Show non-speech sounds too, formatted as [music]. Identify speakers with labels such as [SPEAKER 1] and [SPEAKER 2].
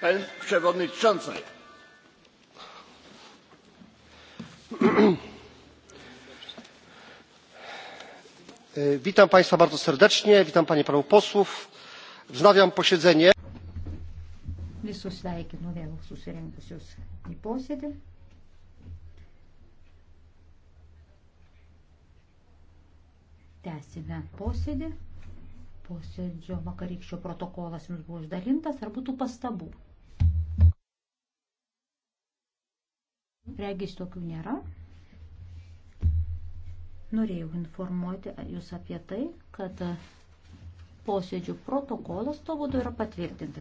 [SPEAKER 1] pani
[SPEAKER 2] przewodnicząca! [clears throat]
[SPEAKER 3] witam państwa bardzo serdecznie witam panie i panów posłów. wznawiam posiedzenie.
[SPEAKER 4] visus sveikinu vėl susirinkusius į posėdį.
[SPEAKER 5] Tęsime posėdį. Posėdžio vakarykščio protokolas jums buvo išdalintas. Ar būtų pastabų? Regis tokių nėra. Norėjau informuoti Jūs apie tai, kad posėdžių protokolas to būdu yra patvirtintas.